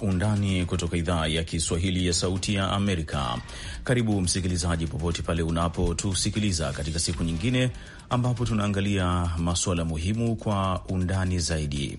Undani kutoka idhaa ya Kiswahili ya Sauti ya Amerika. Karibu msikilizaji, popote pale unapotusikiliza katika siku nyingine ambapo tunaangalia masuala muhimu kwa undani zaidi.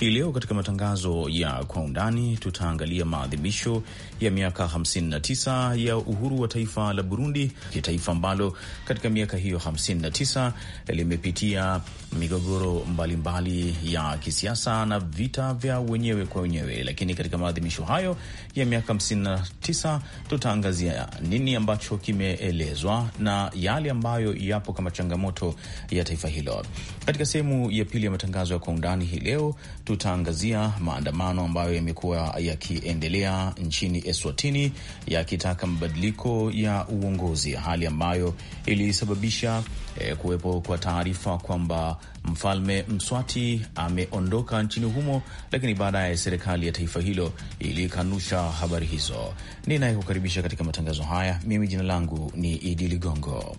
Hii leo katika matangazo ya kwa undani tutaangalia maadhimisho ya miaka 59 ya uhuru wa taifa la Burundi, taifa ambalo katika miaka hiyo 59 limepitia migogoro mbalimbali mbali ya kisiasa na vita vya wenyewe kwa wenyewe. Lakini katika maadhimisho hayo ya miaka 59 tutaangazia nini ambacho kimeelezwa na yale ambayo yapo kama changamoto ya taifa hilo. Katika sehemu ya pili ya matangazo ya kwa undani hii leo tutaangazia maandamano ambayo yamekuwa yakiendelea nchini Eswatini yakitaka mabadiliko ya uongozi, hali ambayo ilisababisha eh, kuwepo kwa taarifa kwamba Mfalme Mswati ameondoka nchini humo, lakini baadaye serikali ya taifa hilo ilikanusha habari hizo. Ninayekukaribisha katika matangazo haya, mimi jina langu ni Idi Ligongo.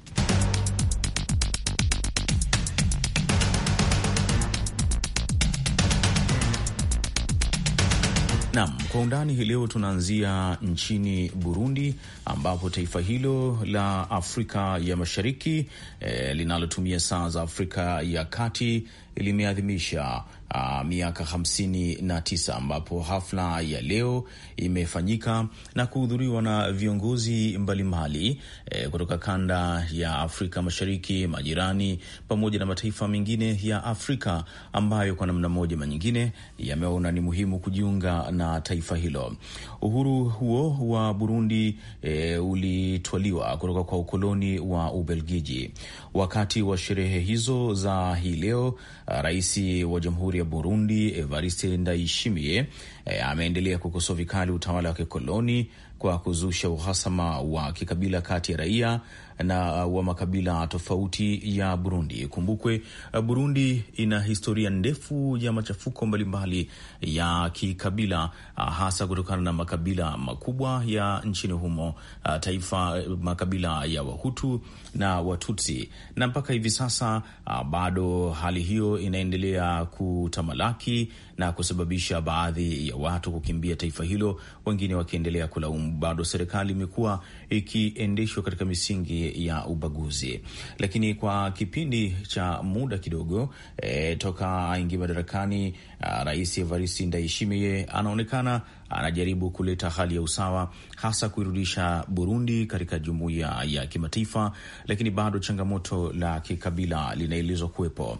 Naam, kwa undani hii leo tunaanzia nchini Burundi ambapo taifa hilo la Afrika ya Mashariki eh, linalotumia saa za Afrika ya Kati limeadhimisha uh, miaka hamsini na tisa ambapo hafla ya leo imefanyika na kuhudhuriwa na viongozi mbalimbali eh, kutoka kanda ya Afrika Mashariki, majirani, pamoja na mataifa mengine ya Afrika ambayo kwa namna moja manyingine yameona ni muhimu kujiunga na taifa hilo. Uhuru huo wa Burundi eh, ulitwaliwa kutoka kwa ukoloni wa Ubelgiji. Wakati wa sherehe hizo za hii leo, ah, rais wa jamhuri ya Burundi Evariste Ndayishimiye e, ameendelea kukosoa vikali utawala wa kikoloni kwa kuzusha uhasama wa kikabila kati ya raia na uh, wa makabila tofauti ya Burundi. Kumbukwe uh, Burundi ina historia ndefu ya machafuko mbalimbali ya kikabila, uh, hasa kutokana na makabila makubwa ya nchini humo, taifa makabila ya Wahutu na Watutsi, na mpaka hivi sasa bado hali hiyo inaendelea kutamalaki na kusababisha baadhi ya watu kukimbia taifa hilo, wengine wakiendelea kulaumu bado serikali imekuwa ikiendeshwa katika misingi ya ubaguzi. Lakini kwa kipindi cha muda kidogo e, toka aingia madarakani, ah, Rais Evariste Ndayishimiye anaonekana anajaribu kuleta hali ya usawa, hasa kuirudisha Burundi katika jumuiya ya kimataifa, lakini bado changamoto la kikabila linaelezwa kuwepo.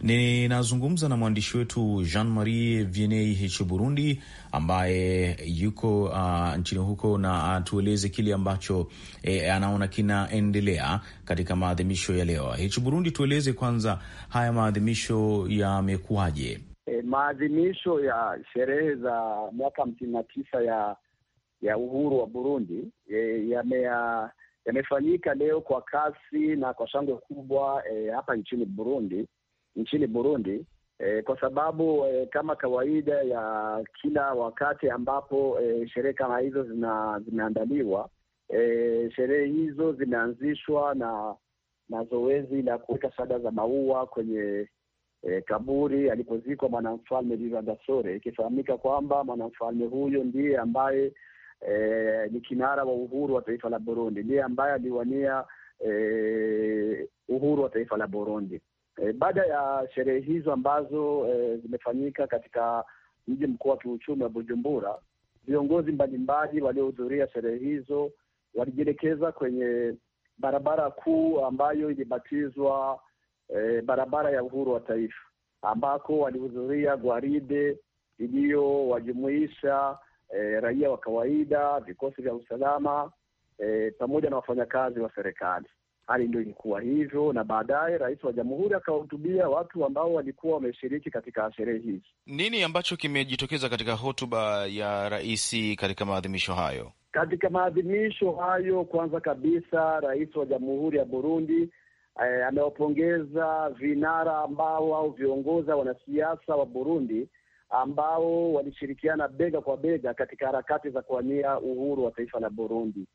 Ninazungumza na mwandishi wetu Jean Marie Vienei h Burundi ambaye yuko uh, nchini huko na atueleze kile ambacho eh, anaona kinaendelea katika maadhimisho ya leo hichi Burundi. Tueleze kwanza haya maadhimisho yamekuwaje? e, maadhimisho ya sherehe za mwaka hamsini na tisa ya ya uhuru wa Burundi e, yamefanyika ya leo kwa kasi na kwa shangwe kubwa e, hapa nchini Burundi nchini Burundi e, kwa sababu e, kama kawaida ya kila wakati ambapo e, sherehe kama hizo zina, e, sherehe hizo zimeanzishwa na na zoezi la kuweka shada za maua kwenye e, kaburi alipozikwa mwanamfalme Livandasore, ikifahamika kwamba mwanamfalme huyo ndiye ambaye e, ni kinara wa uhuru wa taifa la Burundi, ndiye ambaye aliwania e, uhuru wa taifa la Burundi. E, baada ya sherehe hizo ambazo e, zimefanyika katika mji mkuu wa kiuchumi wa Bujumbura, viongozi mbalimbali waliohudhuria sherehe hizo walijielekeza kwenye barabara kuu ambayo ilibatizwa e, barabara ya uhuru wa taifa ambako walihudhuria gwaride iliyowajumuisha e, raia wa kawaida, vikosi vya usalama e, pamoja na wafanyakazi wa serikali. Hali ndio ilikuwa hivyo, na baadaye rais wa jamhuri akawahutubia watu ambao walikuwa wameshiriki katika sherehe hizi. Nini ambacho kimejitokeza katika hotuba ya rais katika maadhimisho hayo? Katika maadhimisho hayo, kwanza kabisa, rais wa jamhuri ya Burundi eh, amewapongeza vinara ambao au viongoza wanasiasa wa Burundi ambao walishirikiana bega kwa bega katika harakati za kuwania uhuru wa taifa la Burundi.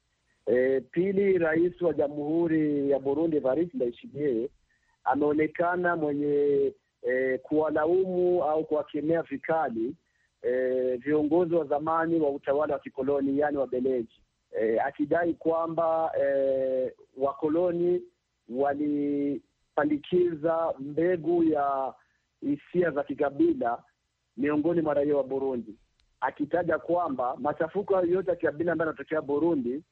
E, pili, rais wa jamhuri ya Burundi Evariste Ndayishimiye ameonekana mwenye e, kuwalaumu au kuwakemea vikali e, viongozi wa zamani wa utawala wa kikoloni yaani wabeleji e, akidai kwamba e, wakoloni walipandikiza mbegu ya hisia za kikabila miongoni mwa raia wa Burundi, akitaja kwamba machafuko hayo yote ya kikabila ambayo yanatokea Burundi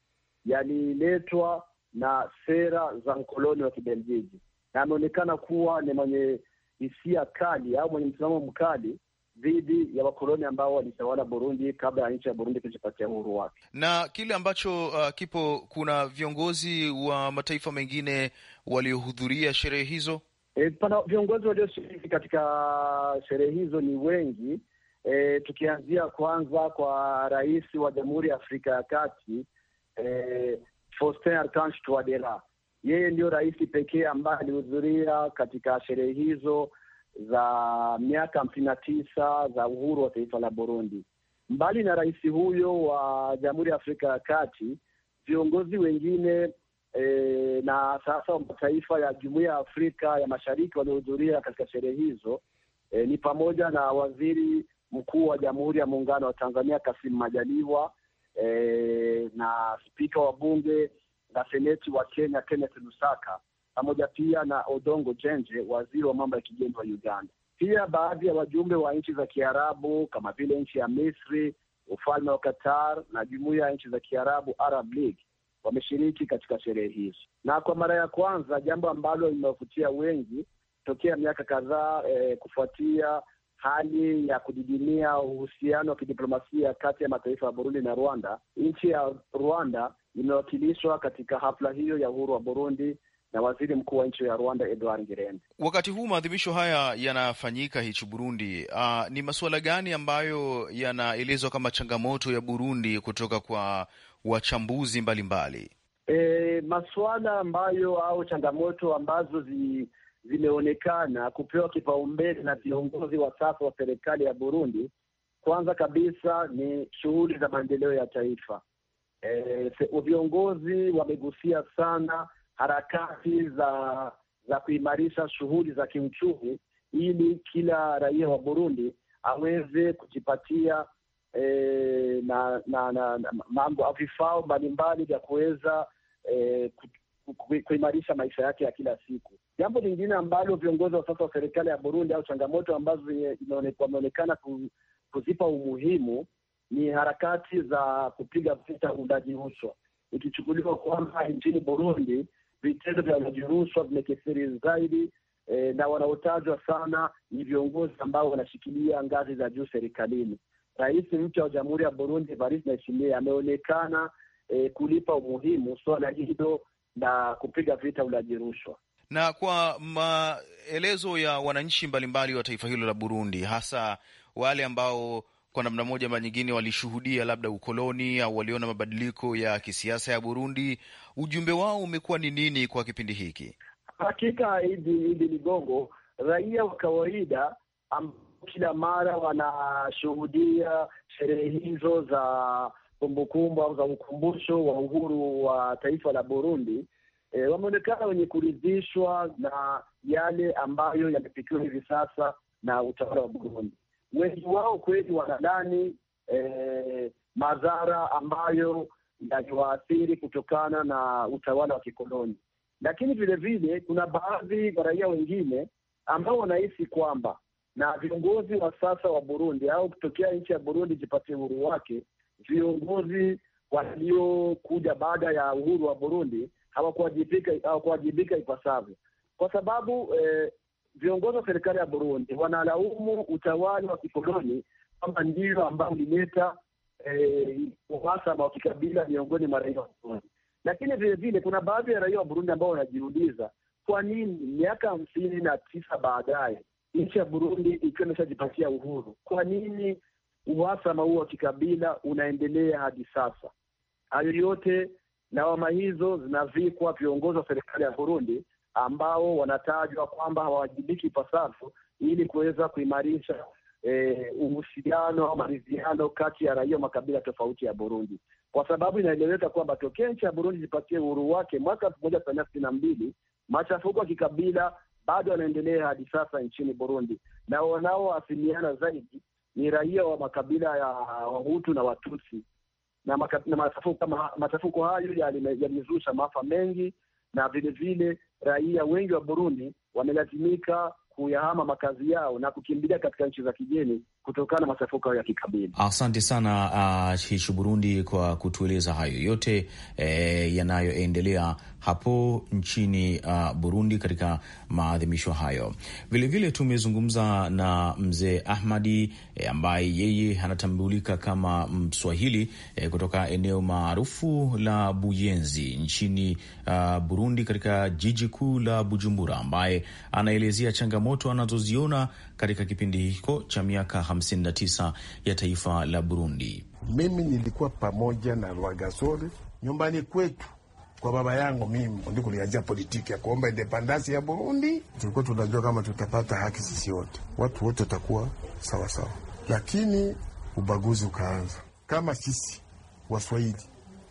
yaliletwa na sera za mkoloni wa Kibeljiji, na ameonekana kuwa ni mwenye hisia kali au mwenye msimamo mkali dhidi ya wakoloni ambao walitawala Burundi kabla ya nchi ya Burundi kujipatia uhuru wake. Na kile ambacho uh, kipo kuna viongozi wa mataifa mengine waliohudhuria sherehe hizo. E, pana viongozi walioshiriki katika sherehe hizo ni wengi. E, tukianzia kwanza kwa rais wa Jamhuri ya Afrika ya Kati e, Faustin Archange Touadera, yeye ndio rais pekee ambaye alihudhuria katika sherehe hizo za miaka hamsini na tisa za uhuru wa taifa la Burundi. Mbali na rais huyo wa Jamhuri ya Afrika ya Kati, viongozi wengine e, na sasa wa mataifa ya Jumuiya ya Afrika ya Mashariki waliohudhuria katika sherehe hizo e, ni pamoja na waziri mkuu wa Jamhuri ya Muungano wa Tanzania Kassim Majaliwa e, na spika wa bunge na seneti wa Kenya Kenneth Lusaka pamoja pia na Odongo Jenje, waziri wa mambo ya kigeni wa Uganda. Pia baadhi ya wajumbe wa nchi za Kiarabu kama vile nchi ya Misri, ufalme wa Qatar na jumuiya ya nchi za Kiarabu, Arab League, wameshiriki katika sherehe hizi, na kwa mara ya kwanza, jambo ambalo limewavutia wengi tokea miaka kadhaa eh, kufuatia hali ya kudidimia uhusiano wa kidiplomasia kati ya mataifa ya Burundi na Rwanda. Nchi ya Rwanda imewakilishwa katika hafla hiyo ya uhuru wa Burundi na waziri mkuu wa nchi ya Rwanda Edward Ngirente. Wakati huu maadhimisho haya yanafanyika hichi Burundi, uh, ni masuala gani ambayo yanaelezwa kama changamoto ya Burundi kutoka kwa wachambuzi mbalimbali? E, masuala ambayo au changamoto ambazo zi, zimeonekana kupewa kipaumbele na viongozi wa sasa wa serikali ya Burundi, kwanza kabisa ni shughuli za maendeleo ya taifa. E, viongozi wamegusia sana harakati za za kuimarisha shughuli za kiuchumi ili kila raia wa Burundi aweze kujipatia e, na, na, na, na mambo vifao mbalimbali vya kuweza e, kuimarisha maisha yake ya kila siku. Jambo lingine ambalo viongozi wa sasa wa serikali ya Burundi au changamoto ambazo wameonekana kuzipa umuhimu ni harakati za kupiga vita uundaji rushwa, ikichukuliwa kwamba nchini Burundi vitendo vya ulajirushwa vimekithiri zaidi e, na wanaotajwa sana ni viongozi ambao wanashikilia ngazi za juu serikalini. Rais mpya wa Jamhuri ya Burundi Evariste Ndayishimiye ameonekana e, kulipa umuhimu suala hilo na kupiga vita ulajirushwa na kwa maelezo ya wananchi mbalimbali wa taifa hilo la Burundi, hasa wale ambao kwa namna moja ama nyingine walishuhudia labda ukoloni au waliona mabadiliko ya kisiasa ya Burundi, ujumbe wao umekuwa ni nini kwa kipindi hiki? Hakika Idi Ligongo, raia wa kawaida ambao kila mara wanashuhudia sherehe hizo za kumbukumbu au za ukumbusho wa uhuru wa taifa la Burundi e, wameonekana wenye kuridhishwa na yale ambayo yamefikiwa hivi sasa na utawala wa Burundi wengi wao kweli wanadani eh, madhara ambayo yaliwaathiri kutokana na utawala wa kikoloni, lakini vile vile kuna baadhi ya raia wengine ambao wanahisi kwamba na viongozi wa sasa wa Burundi au kutokea nchi ya Burundi jipatie uhuru wake, viongozi waliokuja baada ya uhuru wa Burundi hawakuwajibika hawakuwajibika ipasavyo, kwa sababu eh, viongozi wa serikali ya Burundi wanalaumu utawala wa kikoloni kwamba ndio ambao ulileta eh, uhasama wa kikabila miongoni mwa raia wa Burundi, lakini vile vile kuna baadhi ya raia wa Burundi ambao wanajiuliza kwa nini miaka hamsini na tisa baadaye nchi ya Burundi ikiwa imeshajipatia uhuru, kwa nini uhasama huo wa kikabila unaendelea hadi sasa? Hayo yote lawama hizo zinavikwa viongozi wa serikali ya Burundi ambao wanatajwa kwamba hawawajibiki ipasavyo ili kuweza kuimarisha eh, uhusiano au maridhiano kati ya raia wa makabila tofauti ya Burundi, kwa sababu inaeleweka kwamba tokea nchi ya Burundi jipatie uhuru wake mwaka elfu moja mia tisa sitini na mbili machafuko ya kikabila bado yanaendelea hadi sasa nchini Burundi, na wanaoasimiana zaidi ni raia wa makabila ya Wahutu na Watusi na, na machafuko hayo yalizusha maafa mengi na vilevile raia wengi wa Burundi wamelazimika kuyahama makazi yao na kukimbilia katika nchi za kigeni kutokana na machafuko ya kikabila. Asante sana uh, hishu Burundi kwa kutueleza hayo yote eh, yanayoendelea hapo nchini uh, Burundi katika maadhimisho hayo. Vilevile tumezungumza na mzee Ahmadi eh, ambaye yeye anatambulika kama Mswahili eh, kutoka eneo maarufu la Buyenzi nchini uh, Burundi katika jiji kuu la Bujumbura, ambaye anaelezea changamoto anazoziona katika kipindi hiko cha miaka 59 ya taifa la Burundi. Mimi nilikuwa pamoja na Rwagasore nyumbani kwetu kwa baba yangu mimi ndikulianzia politiki ya kuomba independansi ya Burundi. Tulikuwa tunajua kama tutapata haki sisi wote, watu wote watakuwa sawasawa, lakini ubaguzi ukaanza. Kama sisi Waswahili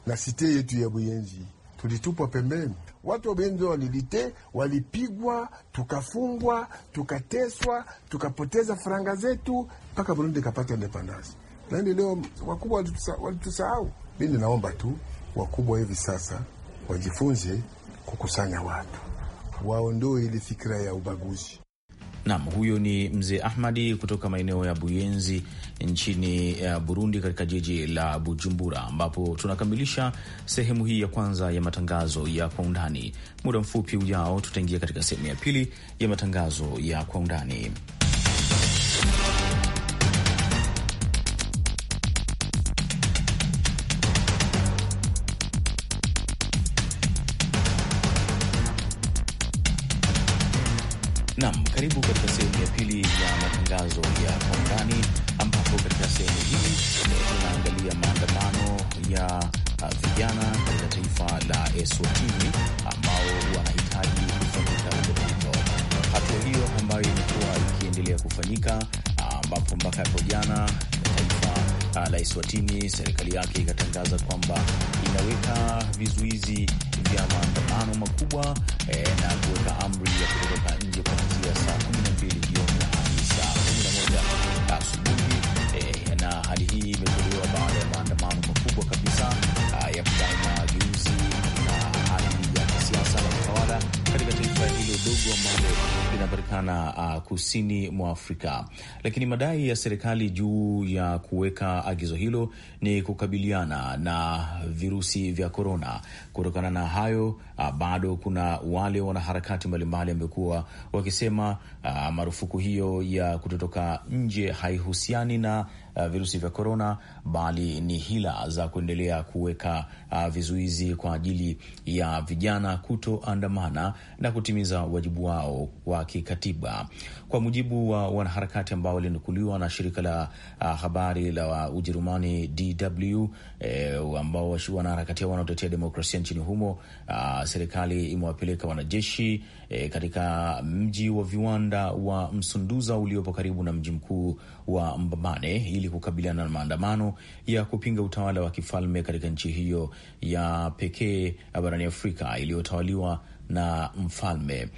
na site yetu ya Buyenzi tulitupwa pembeni. Watu wa Benzo walilite walipigwa, tukafungwa, tukateswa, tukapoteza faranga zetu mpaka Burundi ikapata independence. Lakini leo wakubwa walitusahau. Mi ninaomba tu wakubwa hivi sasa wajifunze kukusanya watu, waondoe ile fikira ya ubaguzi. Naam, huyo ni mzee Ahmadi kutoka maeneo ya Buyenzi nchini uh, Burundi, katika jiji la Bujumbura, ambapo tunakamilisha sehemu hii ya kwanza ya matangazo ya kwa undani. Muda mfupi ujao, tutaingia katika sehemu ya pili ya matangazo ya kwa undani. imetangaza kwamba inaweka vizuizi vya maandamano makubwa eh, na kuweka amri ya kutotoka nje kuanzia saa 12 jioni hadi saa moja asubuhi eh, na hali hii imetolewa baada ya maandamano makubwa kabisa ah, ya kudai mageuzi na hali ya kisiasa na utawala katika taifa hilo dogo ambalo linapatikana uh, kusini mwa Afrika. Lakini madai ya serikali juu ya kuweka agizo hilo ni kukabiliana na virusi vya korona. Kutokana na hayo, uh, bado kuna wale wanaharakati mbalimbali wamekuwa wakisema uh, marufuku hiyo ya kutotoka nje haihusiani na uh, virusi vya korona, bali ni hila za kuendelea kuweka uh, vizuizi kwa ajili ya vijana kutoandamana na kutimiza wajibu wao wa kikatiba. Kwa mujibu wa wanaharakati ambao walinukuliwa na shirika la uh, habari la Ujerumani DW eh, ambao wanaharakati wanaotetea demokrasia nchini humo, uh, serikali imewapeleka wanajeshi eh, katika mji wa viwanda wa Msunduza uliopo karibu na mji mkuu wa Mbabane ili kukabiliana na maandamano ya kupinga utawala wa kifalme katika nchi hiyo ya pekee barani Afrika iliyotawaliwa na mfalme.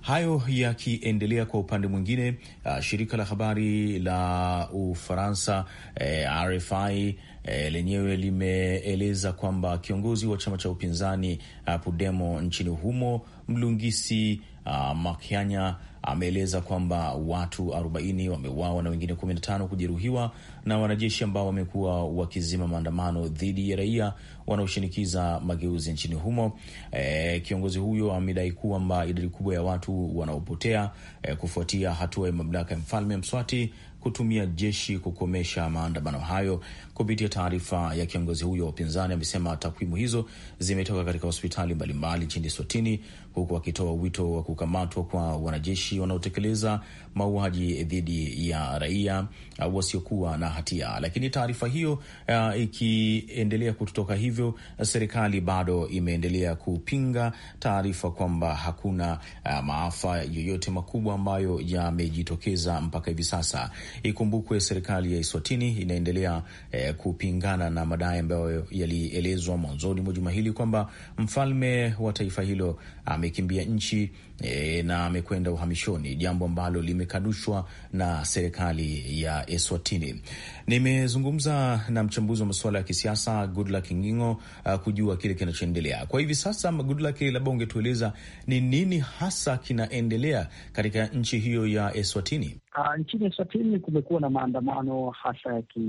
Hayo yakiendelea, kwa upande mwingine, uh, shirika la habari la Ufaransa eh, uh, RFI eh, uh, lenyewe limeeleza kwamba kiongozi wa chama cha upinzani uh, Podemos nchini humo Mlungisi uh, Makyanya ameeleza kwamba watu 40 wameuawa na wengine 15 kujeruhiwa na wanajeshi ambao wamekuwa wakizima maandamano dhidi ya raia wanaoshinikiza mageuzi nchini humo. E, kiongozi huyo amedai kwamba idadi kubwa ya watu wanaopotea e, kufuatia hatua ya mamlaka ya mfalme Mswati kutumia jeshi kukomesha maandamano hayo. Kupitia taarifa ya kiongozi huyo wa upinzani, amesema takwimu hizo zimetoka katika hospitali mbalimbali nchini Swatini huku wakitoa wito wa kukamatwa kwa wanajeshi wanaotekeleza mauaji dhidi ya raia uh, wasiokuwa na hatia. Lakini taarifa hiyo uh, ikiendelea kutotoka hivyo, uh, serikali bado imeendelea kupinga taarifa kwamba hakuna uh, maafa yoyote makubwa ambayo yamejitokeza mpaka hivi sasa. Ikumbukwe serikali ya Eswatini inaendelea uh, kupingana na madai ambayo yalielezwa mwanzoni mwa juma hili kwamba mfalme wa taifa hilo amekimbia nchi e, na amekwenda uhamishoni, jambo ambalo limekanushwa na serikali ya Eswatini. Nimezungumza na mchambuzi wa masuala ya kisiasa Goodluck Ngingo uh, kujua kile kinachoendelea kwa hivi sasa. Goodluck, labda ungetueleza ni nini hasa kinaendelea katika nchi hiyo ya Eswatini? Uh, nchini Eswatini kumekuwa na maandamano hasa ya ki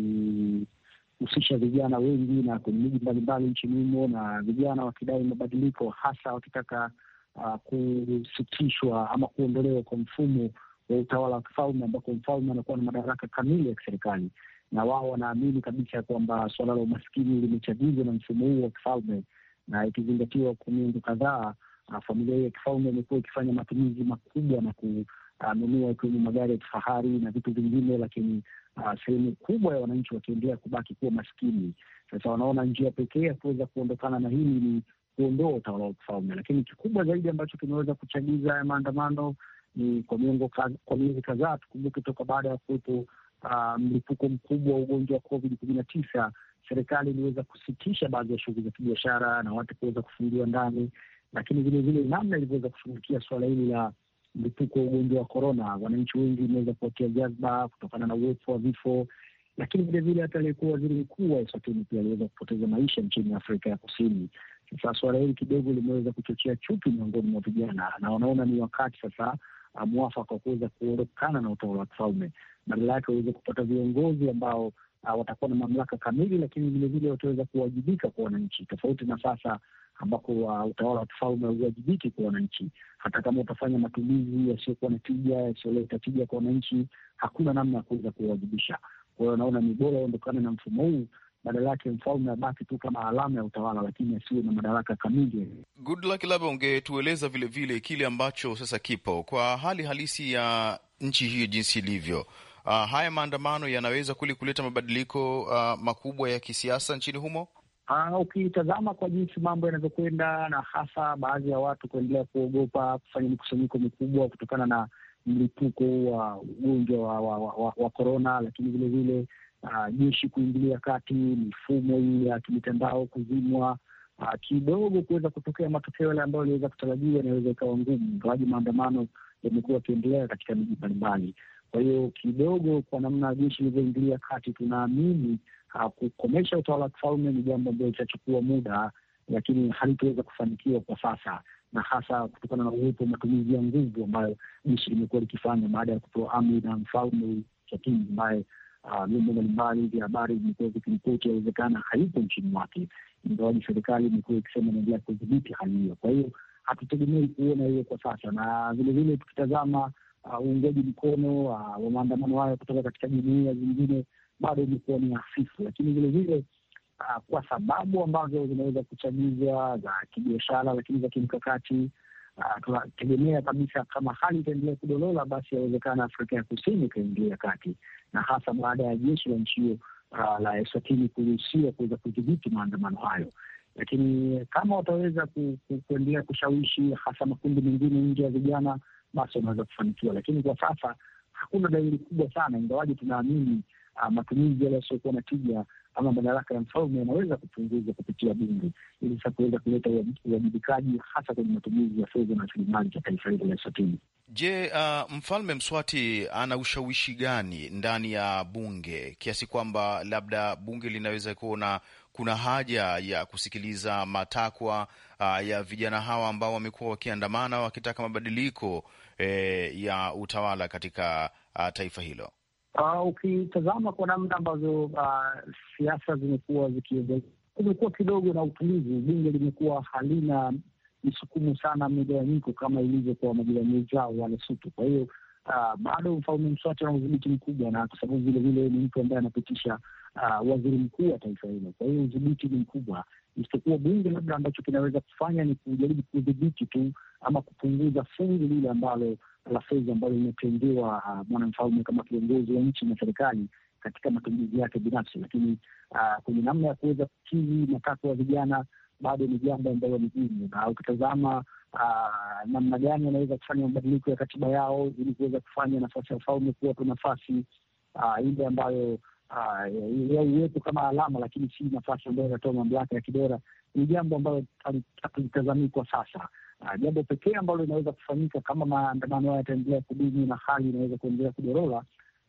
kuhusisha vijana wengi na kwenye miji mbalimbali nchini humo, na vijana wakidai mabadiliko, hasa wakitaka uh, kusitishwa ama kuondolewa kwa mfumo wa utawala wa kifalme ambako mfalme anakuwa na madaraka kamili ya kiserikali, na wao wanaamini kabisa kwamba suala la umaskini limechagizwa na mfumo huo wa kifalme, na ikizingatiwa kwa miongo kadhaa ah, familia hii ya kifalme imekuwa ikifanya matumizi makubwa na kununua ah, ikiwemo magari ya kifahari na vitu vingine, lakini uh, sehemu kubwa ya wananchi wakiendelea kubaki kuwa maskini. Sasa wanaona njia pekee ya kuweza kuondokana na hili ni kuondoa utawala wa kifalme, lakini kikubwa zaidi ambacho kimeweza kuchagiza haya maandamano ni kwa miongo kwa miezi kadhaa, tukumbuke toka baada ya kuwepo uh, mlipuko mkubwa wa ugonjwa wa covid kumi na tisa, serikali iliweza kusitisha baadhi ya shughuli za kibiashara na watu kuweza kufungiwa ndani, lakini vilevile namna ilivyoweza kushughulikia suala hili la mlipuko wa ugonjwa wa korona. Wananchi wengi wameweza kuwatia jazba kutokana na uwepo wa vifo, lakini vilevile hata aliyekuwa waziri mkuu wa Eswatini pia aliweza kupoteza maisha nchini Afrika ya Kusini. Sasa suala hili kidogo limeweza kuchochea chuki miongoni mwa vijana, na wanaona ni wakati sasa uh, mwafaka wa kuweza kuondokana na utawala wa kifalme, badala yake waweze kupata viongozi ambao uh, watakuwa na mamlaka kamili, lakini vilevile wataweza kuwajibika kwa wananchi, tofauti na sasa ambako utawala wa kifalme hauwajibiki kwa wananchi. Hata kama utafanya matumizi yasiyokuwa na tija, yasiyoleta tija kwa wananchi, hakuna namna ya kuweza kuwawajibisha. Kwa hiyo naona ni bora ondokane na mfumo huu, badala yake mfalme abaki tu kama alama ya utawala, lakini asiwe na madaraka kamili. Good luck, labda ungetueleza vilevile kile ambacho sasa kipo kwa hali halisi ya nchi hii jinsi ilivyo. Uh, haya maandamano yanaweza kweli kuleta mabadiliko uh, makubwa ya kisiasa nchini humo? Ah, ukitazama kwa jinsi mambo yanavyokwenda na hasa baadhi ya watu kuendelea kuogopa kufanya mikusanyiko mikubwa kutokana na mlipuko wa ugonjwa wa korona, lakini vilevile ah, jeshi kuingilia kati, mifumo hii ya kimitandao kuzimwa ah, kidogo, kuweza kutokea matokeo yale ambayo aliweza kutarajiwa, inaweza ikawa ngumu, ingawaji maandamano yamekuwa yakiendelea katika miji mbalimbali. Kwa hiyo kidogo, kwa namna jeshi ilivyoingilia kati, tunaamini Ah, kukomesha utawala wa kifalme ni jambo ambayo itachukua muda, lakini halitoweza kufanikiwa kwa sasa, na hasa kutokana na uwepo wa matumizi ya nguvu ambayo jeshi limekuwa likifanya baada ya kutoa amri na mfalme Chakini ambaye ah, vyombo mbalimbali vya habari vimekuwa vikiripoti yawezekana hayupo nchini mwake, ingawaji serikali imekuwa ikisema inaendelea kudhibiti hali hiyo. Kwa hiyo hatutegemei kuona hiyo kwa sasa, na vilevile tukitazama ah, uungaji mkono wa maandamano hayo kutoka katika jumuia zingine bado ilikuwa ni hafifu, lakini vilevile uh, ah, kwa sababu ambazo zinaweza kuchagizwa za kibiashara, lakini za kimkakati uh, tunategemea kabisa kama hali itaendelea kudolola, basi yawezekana Afrika ya Kusini ikaingilia kati, na hasa baada ya jeshi la nchi hiyo uh, la Eswatini kuruhusiwa kuweza kudhibiti maandamano hayo lakini kama wataweza kuendelea kushawishi hasa makundi mengine nje ya vijana, basi wanaweza kufanikiwa. Lakini kwa sasa hakuna dalili kubwa sana, ingawaji tunaamini Ah, matumizi yale yasiokuwa na tija ama madaraka ya mfalme yanaweza kupunguzwa kupitia bunge, ili sasa kuweza kuleta uwajibikaji hasa kwenye matumizi ya fedha na rasilimali za taifa hilo la Eswatini. Je, uh, mfalme Mswati ana ushawishi gani ndani ya bunge kiasi kwamba labda bunge linaweza kuona kuna haja ya kusikiliza matakwa uh, ya vijana hawa ambao wamekuwa wakiandamana wakitaka mabadiliko eh, ya utawala katika uh, taifa hilo? Uh, ukitazama kwa namna ambazo uh, ah, siasa zimekuwa zikiendelea, kumekuwa kidogo na utulivu, bunge limekuwa halina msukumu sana, migawanyiko kama ilivyo kwa majirani zao wa Lesotho. Kwa hiyo uh, bado Mfalme Mswati ana udhibiti mkubwa, na kwa sababu vilevile ni mtu ambaye anapitisha uh, waziri mkuu wa taifa hilo, kwa hiyo udhibiti ni mkubwa isipokuwa bunge labda ambacho kinaweza kufanya ni kujaribu kudhibiti tu ama kupunguza fungu lile ambalo la fedha ambayo limetengewa ah, mwanamfalme kama kiongozi wa nchi na serikali katika matumizi yake binafsi, lakini uh, kwenye namna ya kuweza kukidhi matakwa ya vijana bado ni jambo ambalo ni gumu, na ukitazama uh, namna gani wanaweza kufanya mabadiliko ya katiba yao ili kuweza kufanya nafasi ya ufalme kuwa tu nafasi uh, ile ambayo ya uwepo kama alama, lakini si nafasi ambayo inatoa mamlaka ya kidera, ni jambo ambalo halitazamii kwa sasa. Ah, jambo pekee ambalo linaweza kufanyika kama maandamano hayo yataendelea kudumu na hali inaweza kuendelea kudorora,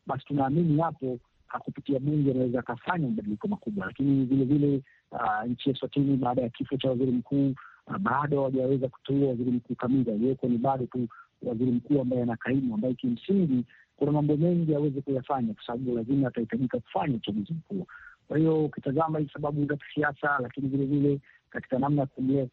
basi tunaamini hapo ah, kupitia bunge anaweza akafanya mabadiliko makubwa, lakini vilevile ah, nchi ya Swatini baada ya kifo cha waziri mkuu bado hawajaweza kuteua waziri mkuu kamili. Aliyeko ni bado tu waziri mkuu ambaye anakaimu, ambaye kimsingi kuna mambo mengi aweze kuyafanya, kwa sababu lazima atahitajika kufanya uchaguzi mkuu. Kwa hiyo ukitazama hii sababu za kisiasa, lakini vilevile katika namna ya kuendelea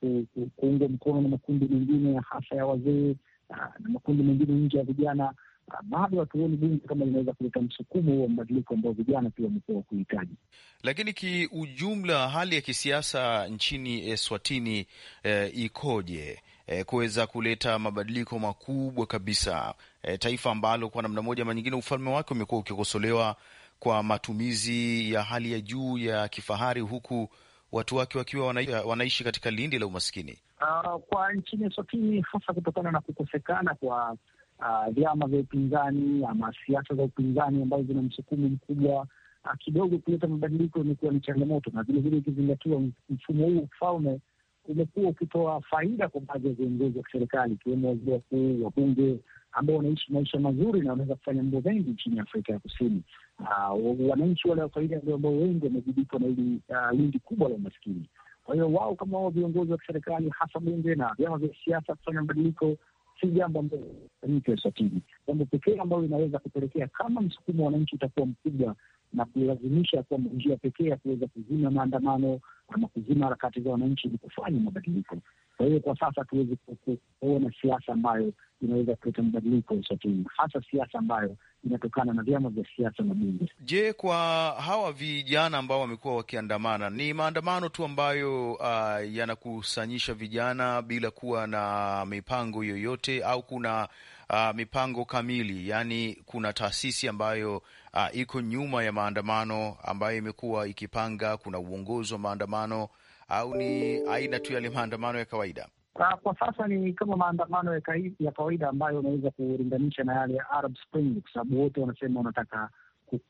kuungwa mkono na makundi mengine hasa ya wazee na makundi mengine nje ya vijana, ah, bado hatuoni bunge kama linaweza kuleta msukumo wa mabadiliko ambao vijana pia wamekuwa wakuhitaji. Lakini kiujumla, hali ya kisiasa nchini Eswatini eh, ikoje? e, kuweza kuleta mabadiliko makubwa kabisa e, taifa ambalo kwa namna moja ama nyingine ufalme wake umekuwa ukikosolewa kwa matumizi ya hali ya juu ya kifahari huku watu wake wakiwa wanaishi katika lindi la umaskini. Uh, kwa nchini Eswatini hasa kutokana na kukosekana kwa uh, vyama vya upinzani ama siasa za upinzani ambazo zina msukumu mkubwa uh, kidogo kuleta mabadiliko imekuwa ni changamoto, na vilevile ikizingatiwa mfumo huu ufalme umekuwa ukitoa faida kwa baadhi ya viongozi wa kiserikali ikiwemo waziri wakuu, wabunge ambao wanaishi maisha mazuri na wanaweza kufanya mambo mengi nchini Afrika ya Kusini. Uh, wananchi wale wa kawaida ndio ambao wengi wamejibikwa na hili ah, wimbi uh, kubwa la umaskini. Kwa hiyo wao kama wao viongozi wa kiserikali hasa bunge na vyama vya siasa kufanya mabadiliko si jambo ambalo jambo pekee ambalo inaweza kupelekea, kama msukumo wa wananchi utakuwa mkubwa na kuilazimisha kwamba njia pekee ya kuweza kuzima maandamano ama kuzima harakati za wananchi ni kufanya mabadiliko. Kwa hiyo kwa sasa kuwa kuona siasa ambayo inaweza kuleta mabadiliko uswatini, hasa siasa ambayo inatokana na vyama vya siasa na bunge. Je, kwa hawa vijana ambao wamekuwa wakiandamana, ni maandamano tu ambayo uh, yanakusanyisha vijana bila kuwa na mipango yoyote au kuna uh, mipango kamili? Yaani kuna taasisi ambayo uh, iko nyuma ya maandamano ambayo imekuwa ikipanga, kuna uongozi wa maandamano au ni aina tu yale maandamano ya kawaida? Kwa sasa ni kama maandamano ya, ya kawaida ambayo unaweza kulinganisha na yale ya Arab Spring, kwa sababu wote wanasema wanataka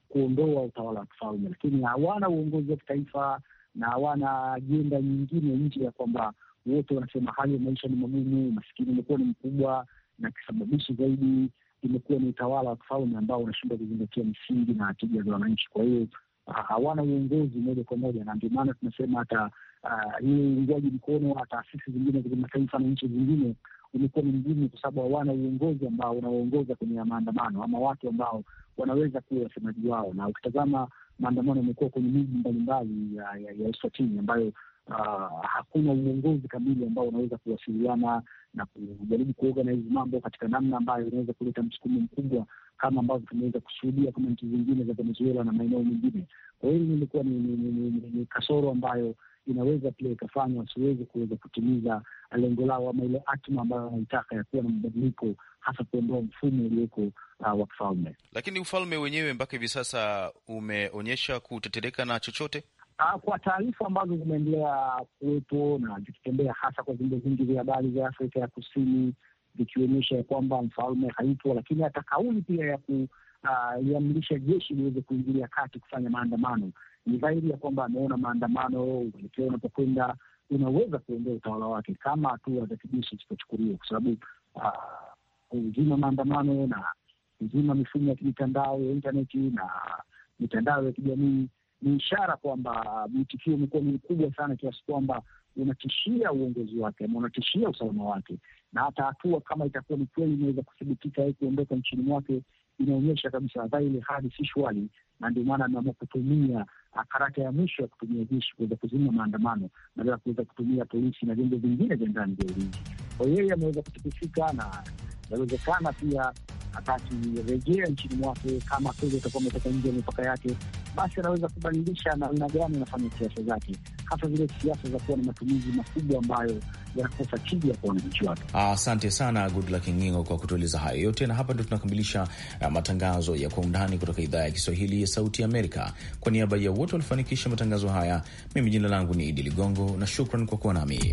kuondoa utawala wa kifalme, lakini hawana uongozi wa kitaifa na hawana ajenda nyingine nje ya kwamba wote wanasema hali ya maisha ni magumu, maskini imekuwa ni mkubwa, na kisababishi zaidi imekuwa ni utawala wa kifalme ambao unashindwa kuzingatia misingi na tija za wananchi. Kwa hiyo hawana uongozi moja kwa moja, na ndio maana tunasema hata Ah, ni uungwaji mkono wa taasisi zingine za kimataifa na nchi zingine umekuwa ni mgumu, kwa sababu hawana uongozi ambao unaoongoza kwenye maandamano ama watu ambao wanaweza kuwa wasemaji wao. Na ukitazama maandamano yamekuwa kwenye miji mbalimbali ya, ya, ya Eswatini ambayo Uh, hakuna uongozi kamili ambao unaweza kuwasiliana na kujaribu kuorganize mambo katika namna ambayo inaweza kuleta msukumo mkubwa kama ambavyo tumeweza kushuhudia kama nchi zingine za Venezuela na maeneo mengine. Kwa hiyo ilikuwa ni, ni, ni, ni, ni kasoro ambayo inaweza pia ikafanywa wasiweze kuweza kutimiza lengo lao ama ile atma ambayo wanaitaka ya kuwa na mabadiliko, hasa kuondoa mfumo ulioko uh, wa kifalme. Lakini ufalme wenyewe mpaka hivi sasa umeonyesha kutetereka na chochote uh, kwa taarifa ambazo zimeendelea kuwepo na zikitembea hasa kwa vyombo vingi vya habari vya Afrika ya Kusini vikionyesha ya kwamba mfalme hayupo, lakini hata kauli pia ya ku uh, jeshi liweze kuingilia kati kufanya maandamano ni dhahiri ya kwamba ameona maandamano, uelekeo unapokwenda unaweza kuendea utawala wake kama hatua za kijeshi zitachukuliwa, kwa sababu kuzima ah, uh, maandamano na kuzima mifumo ya kimitandao ya intaneti na mitandao ya kijamii ni ishara kwamba mwitikio umekuwa ni mkubwa sana kiasi kwamba unatishia uongozi wake ama unatishia usalama wake, na hata hatua kama itakuwa ni kweli inaweza kuthibitika ye kuondoka nchini mwake, inaonyesha kabisa adha hali si shwari, na ndio maana ameamua kutumia karata ah, ya mwisho ya kutumia jeshi kuweza kuzima maandamano badala kuweza kutumia polisi na vyombo vingine vya ndani vya ulinzi. Kwa hiyo yeye ameweza kutikisika, na inawezekana pia atakirejea nchini mwake kama kweli atakuwa ametoka nje ya mipaka yake, basi anaweza kubadilisha namna gani anafanya siasa zake, hasa zile siasa za kuwa na matumizi makubwa ambayo yanakosa tija kwa wananchi wake. Asante sana Goodluck Ngingo kwa kutueleza hayo yote, na hapa ndo tunakamilisha uh, matangazo ya kwa undani kutoka idhaa ya Kiswahili ya Sauti Amerika. Kwa niaba ya wote walifanikisha matangazo haya, mimi jina langu ni Idi Ligongo na shukran kwa kuwa nami.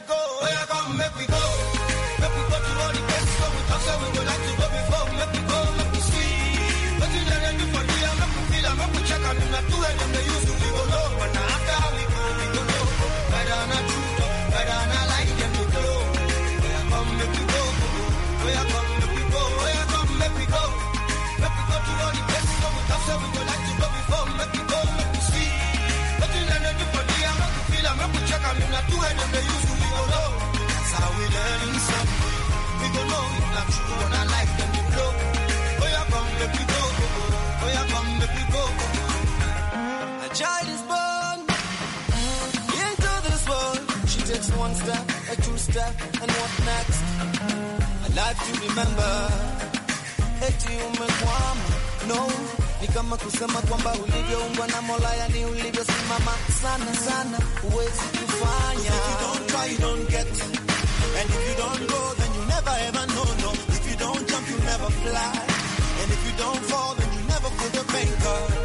go. after and what next? A life to remember. Eti umekwama, no ni kama kusema kwamba ulivyoumbwa na Mola, yani ulivyosimama sana sana, huwezi kufanya And if you don't fall, then you never feel the pain,